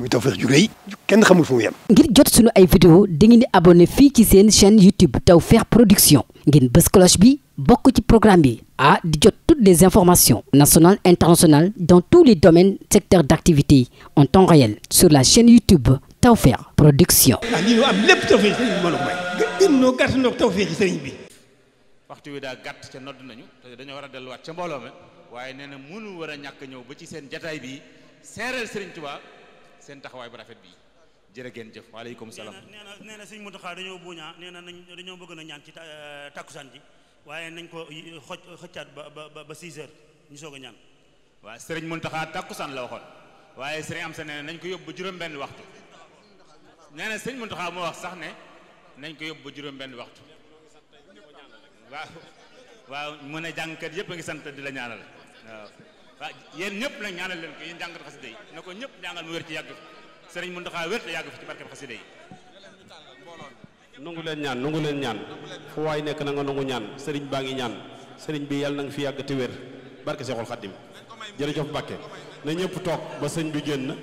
muy Tawfekh ju rëy kenn xamul fu mu yem. ngir jot sunu ay vidéo dangeen di abonné fii ci seen chaîne YouTube Tawfekh Production ngeen bës bi bokk ci programme bi ah di jot toutes les informations nationales internationales dans tous les domaines secteurs d'activité en temps réel sur la chaîne YouTube Tawfekh Production. ah lii ñu am lépp Tawfekh sëriñ bi moom bi. waxtu wi daa gàtt ca nodd nañu te dañoo war a delluwaat ca mbooloo waaye nee na mënu war a ñàkk ñëw ba ci seen jataay bi seeral seen taxawaay bu rafet bi jërë ngeen jëf waaleykum salaam nee na nee na sëñ Muntaxa dañoo buñaa nee na nañ dañoo bëgg na ñaan ci takkusaan eh, ji waaye nañ ko xoj xëccaat ba ba ba 6 heures ñu soog a ñaan waaw sëriñ Muntaxa takkusaan la waxoon waaye sëriñ am sa nee na nañ ko yóbbu juróom-benn waxtu nee na sëñ Muntaxa moo wax sax ne nañ ko yóbbu juróom-benn waxtu waaw waaw a ne jàngkat yëpp a ngi sant di la ñaanal waaw waa yéen ñëpp la ñaanal leen ko yéen jàngat xasida na ko ñëpp jàngal mu wér ci yàgg fi sëriñ Muntaxa wér yàgg fi ci barkeb xasida yi leen ñaan nungu leen ñaan fu nekk na nga ñaan sëriñ baa ngi ñaan sëriñ bi yàlla na fi yàgg te wér barke Seexul Xaddim jërëjëf Mbàkke na ñëpp toog ba sëñ bi génn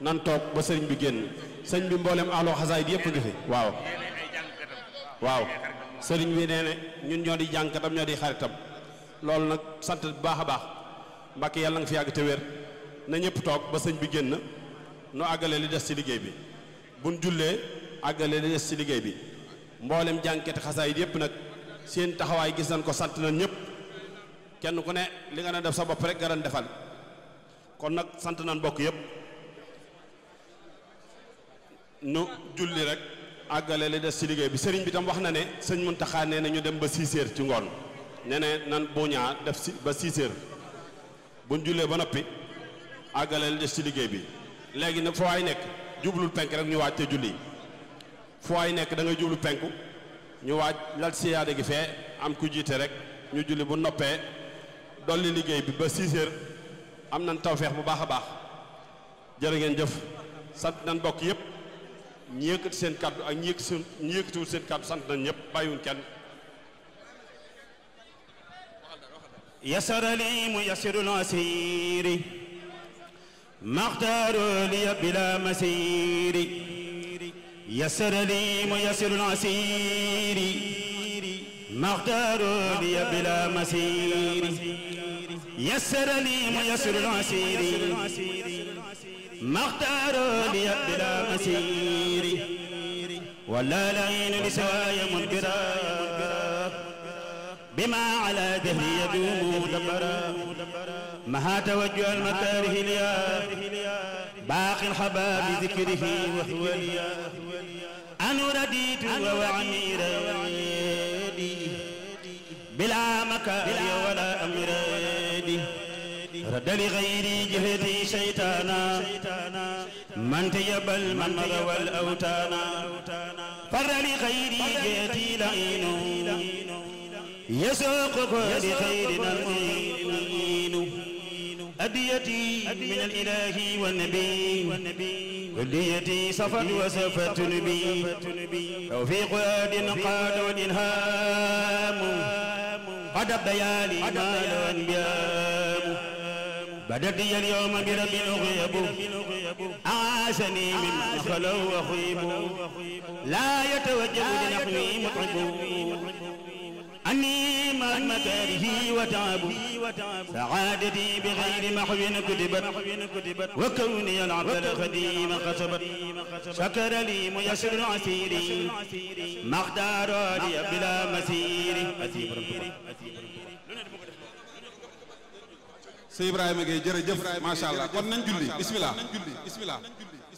nan toog ba sëriñ bi génn sëñ bi mboolem ahloo xasaay bi yëpp ngi fi waaw waaw bi nee ne ñun ñoo di jànkatam xaritam loolu nag sant bu baax a baax Mbàkke yàlla nga fi yàgg te wér na ñëpp toog ba sëñ bi génn nu àggale li des ci liggéey bi buñ jullee àggale li des ci liggéey bi mboolem jànketi xasaay yépp nag seen taxawaay gis nañ ko sant nañ ñëpp kenn ku ne li nga na def sa bopp rek garan defal kon nag sant nañ bokk yëpp nu julli rek àggale li des ci liggéey bi sëriñ bi tam wax na ne sëñ Muntaxa taxaanee na ñu dem ba 6 ci ngoon nee na nan buñaa def si ba 6 buñ jullee ba noppi àggaleel des ci liggéey bi léegi nag foo waay nekk jublul penk rek ñu waaj te julli foo waay nekk da ngay jublu penku ñu waaj lal siyaade gi fee am ku jiite rek ñu julli bu noppee dolli liggéey bi ba 6 heures am nañ tawfeex bu baax a baax jërë ngeen jëf sant nañ bokk yëpp ñi yëkkati seen kàddu ak ñi yëkkati ñi yëkkatiwul seen kàddu sant nañ ñëpp bàyyiwuñ kenn يسر لي ميسر العسير مختار لي بلا مسير يسر لي ميسر العسير مختار لي بلا مسير يسر لي ميسر العسير مختار لي بلا مسير ولا لين لسواي منكرا بما على دهر يدوم دبرا مها توجه المكاره ليا باقي الحباب ذكره وهو ليا أنا رديت ووعني ردي بلا مكاره ولا أمرادي رد لغيري جهدي شيطانا من تيب الممر والأوتانا فر لغيري جهدي لعينه يسوقك لخيرنا المؤمن أديتي من الإله والنبي كليتي صفت وسفت نبي توفيق أد قاد والإلهام قد بيالي مال وانبيام بدت لي اليوم برب أغيب أعاسني من خلو وخيب لا يتوجه لنحوي مطعب أني مع مكاره وتعب سعادتي بغير محو كتبت وكوني العبد الخديم قصبت شكر لي ميسر عسيري ما اختار لي بلا مسير سي ابراهيم جي جërëjëf ما شاء الله kon nañ julli bismillah bismillah